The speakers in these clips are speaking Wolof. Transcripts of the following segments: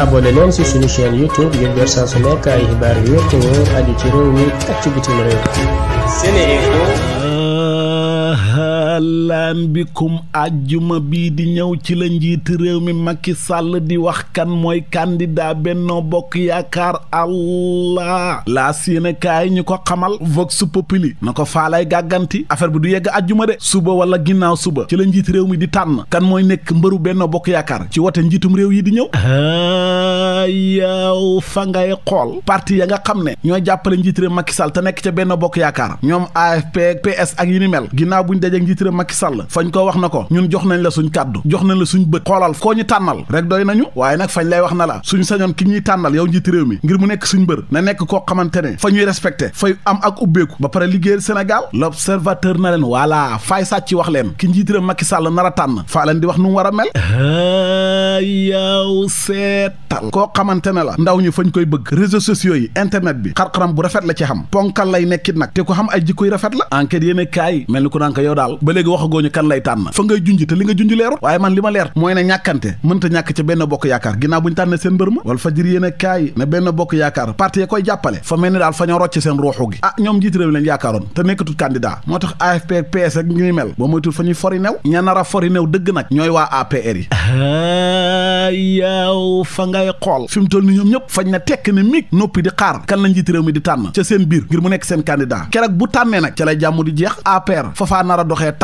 abonné leen ci suñu YouTube ngir jot saa su nekk ay xibaar yu wér te wóor ahlan bikum àjjuma bii di ñëw ci la njiit réew mi Macky Sall di wax kan mooy candidat Benno Bokk Yaakaar allah laas yéene kaay ñu ko xamal vox populi na ko faalay gàgganti affaire bi du yegg àjjuma de suba wala ginnaaw suba ci la njiiti réew mi di tànn kan mooy nekk mbëru Benno Bokk Yaakaar ci wote njiitum réew yi di ñëw ah, yow fa ngay xool parti ya nga xam ne ñoo jàppale njiiti réew Macky Sall te nekk ca Benno Bokk Yaakaar ñoom AFP ak yu président Macky Sall fañ koo wax na ko ñun jox nañ la suñ kàddu jox nañ la suñ bët xoolal koo ñu tànnal rek doy nañu waaye nag fañ lay wax na la suñ sañoon ki ñuy tànnal yow njiit mi ngir mu nekk suñ bër na nekk koo xamante ne fa ñuy respecté fay am ak ubbeeku ba pare liggéeyal Sénégal l'observateur na leen voilà faay sàcc wax leen ki njiit réew Macky Sall nar a tànn faa leen di wax nu mu war a mel yaw seetal koo xamante ne la ndaw ñu fañ koy bëgg réseaux sociaux yi bi xarxaram bu rafet la ci xam ponkal lay nekkit nag te xam ay jikkoy rafet la enquête yéen kaay mel ni ko yow daal léegi waxagoo ñu kan lay tànn fa ngay junj te li nga junj leerut waaye man li ma leer mooy ne ñàkkante mënta ñàkk ca benn bokk yaakaar ginnaaw bu ñu tànnee seen mbër ma wala fajir yéen kaay ne benn bokk yaakaar parti ya koy jàppale fa mel ni daal fa ñoo rocc seen ruuxu gi ah ñoom njiit leen yaakaaroon te nekkatut candidat moo tax AFP ak PS ak ñuy mel boo moytul fa ñuy fori new ña nar a fori new dëgg nag ñooy waa APR yi ah, yaaw fa ngay xool fi mu toll ni ñoom ñëpp fañ na tekk ne mig noppi di xaar kan la njiit mi di tànn ca seen biir ngir mu nekk seen candidat keroog bu tànnee nag ca lay jàmm di jeex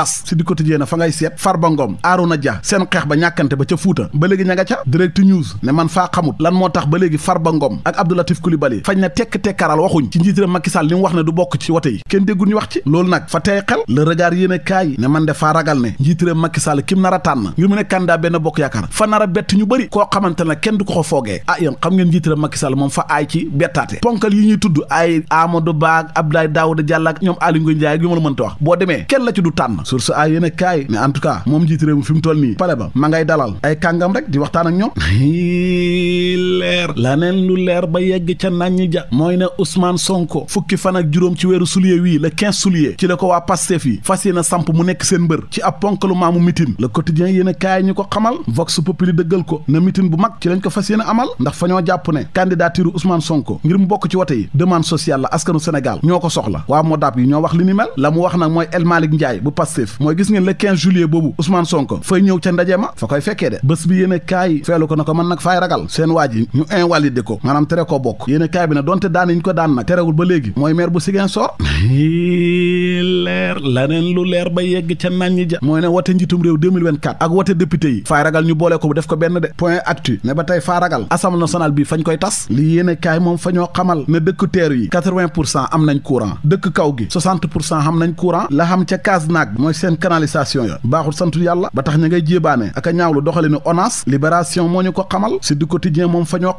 as si di quotidien na fa ngay seet Farba Ngom Arouna Dia seen xeex ba ñàkkante ba ca Fuuta ba léegi ña nga ca direct news ne man faa xamut lan moo tax ba léegi ba ngoom ak Abdoulatif Coulibaly fañ na tekk tekkaaral waxuñ ci njiitiram Macky Sall li mu wax ne du bokk ci wote yi kenn déggul ñu wax ci loolu nag fa tey xel le regard yéene kaay ne man de faa ragal ne njiitiram Macky Sall kim nara tànn ngir mu ne candidat benn bokk yaakaar fa nar a bett ñu bëri koo xamante ne kenn du ko ko foogee ah xam ngeen njiitiram Macky Sall moom fa aay ci bettaate ñuy tudd ay Amadou Ba Abdoulaye Daouda Diallo ak ñoom Aly Ngouille Ndiaye ak wax boo demee kenn la ci source ay yéen a kaay ne en moom njiit réew mi fi mu toll nii pale ba ma ngay dalal ay kàngam rek di waxtaan ak leer laneen lu leer ba yegg ca naññ ja mooy ne Ousmane Sonko fukki fan ak juróom ci weeru sulier wii la 15 sulier ci la ko waa Pastef yi fas yéene samp mu nekk seen mbër ci ab ponkalu maamu mitin le quotidien yéen a kaay ñu ko xamal Vox Populi dëggal ko na mitin bu mag ci lañ ko fas yéene amal ndax fa ñoo jàpp ne candidature Ousmane Sonko ngir mu bokk ci wote yi demande sociale la askanu Sénégal ñoo ko soxla waa Modap yi ñoo wax li ni mel wax nag mooy El Malick Ndiaye bu Pastef mooy gis ngeen le 15 juillet boobu Ousmane Sonko fay ñëw ca ndaje ma fa koy a seen waa ji invalidé ko maanaam tere koo bokk yéen kaay bi ne donte daan nañ ko daan nag terewul ba léegi mooy maire bu Ziguinchor leer laneen lu leer ba yegg ca naan ñi ja mooy ne wote njiitum réew 2024 ak wote député yi faa ragal ñu boole ko bu def ko benn de point actu ne ba tey faa ragal assemblée nationale bi fañ koy tas li yéen a kaay moom fa xamal ne dëkk teer yi am nañ courant dëkk kaw gi am nañ courant la xam ca kaas naag mooy seen canalisation ya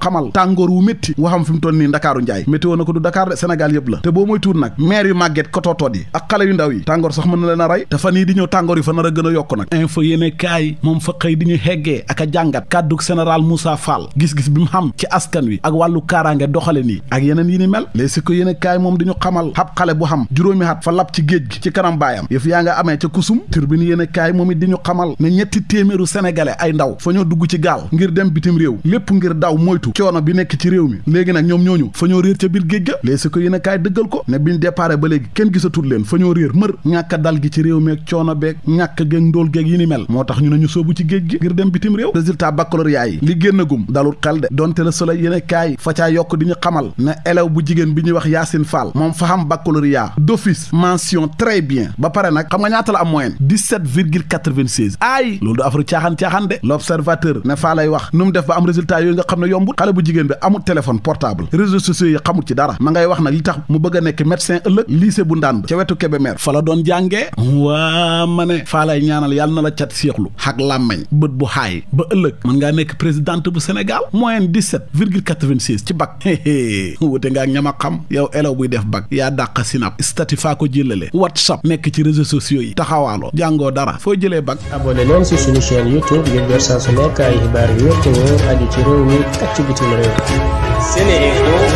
xamal tàngoor wu métti nga xam fi mu toll nii ndakaaru njaay météo na ko du Dakar de Sénégal yëpp la te boo mooy tuut nag maire yu màgget kotootoot yi ak xale yu ndaw yi tàngoor sax mën na leen a rey te fan yi di ñëw tàngoor yi fa nar a gën a yokk nag info yéene kaay moom fa xëy di ñu heggee ak a jàngat kàddu général Moussa faal gis-gis bi mu xam ci askan wi ak wàllu kaaraange doxale nii ak yeneen yi ni mel les si ko yéene kaay moom di ñu xamal xab xale xam juróomi at fa lab ci gi ci kanam baayam yëf yaa nga amee ca kusum turbine yéene kaay moom it di ñu xamal ne ñetti téeméeru sénégalais ay ndaw fa ñoo dugg ci gaal ngir dem bitim réew lépp ngir daw moytu coono bi nekk ci réew mi léegi nag ñoom ñooñu fa ñoo réer ca biir géej ga léeg si ko yéen a kaay dëggal ko ne biñ déparé ba léegi kenn gisatul leen fa ñoo réer mër ñàkk dal gi ci réew meeg coono beeg ñàkk moo tax ñu ne ñu soobu ci géej gi ngir dem bitim réew résultat baccalauréat yi li génn gum dalul xel de donte la soleil yéen a kaay fa caa yokk di ñu xamal ne élève bu jigéen bi ñuy wax Yacine Fall moom fa xam baccalauréat d'office mention très bien ba pare nag xam nga ñaat la am moyenne 17 virgule 96 aay loolu du ne faa lay xale bu jigéen bi amul téléphone portable réseaux sociaux yi xamul ci dara ma ngay wax nag li tax mu bëgg a nekk médecin ëllëg lycée bu ndànd ca wetu Kébémer fa la doon jàngee waa ma ne faa lay ñaanal yàlla na la cat séexlu xak làmmeñ bët bu xaay ba ëllëg mën ngaa nekk présidente bu Sénégal moyenne 17 virgule 86 ci bac wute nga ak ñama xam yow élève buy def bac yaa dàq sinap statut faa ko jëlale whatsapp nekk ci réseaux sociaux yi taxawaaloo jàngoo dara foo jëlee bac abonné leen si suñu chaîne youtube ngir jot saa su nekk ay xibaar bitim réew